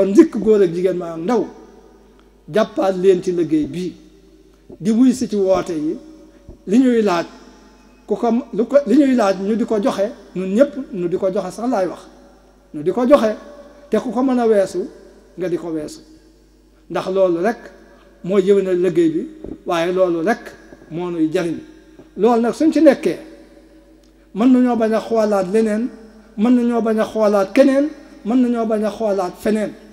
kon njëkk góor ak jigéen maanaam ndaw jàppaat leen ci liggéey bi di wuy si ci woote yi li ñuy laaj ku ko ko li laaj ñu di ko joxe ñun ñëpp nu di ko joxe sax laay wax ñu di ko joxe te ku ko mën a weesu nga di ko weesu ndax loolu rek moo yëwénal liggéey bi waaye loolu rek moo nuy jariñ loolu nag suñ ci nekkee mën nañoo bañ xoolaat leneen mën nañoo bañ xoolaat keneen mën nañoo bañ a xoolaat feneen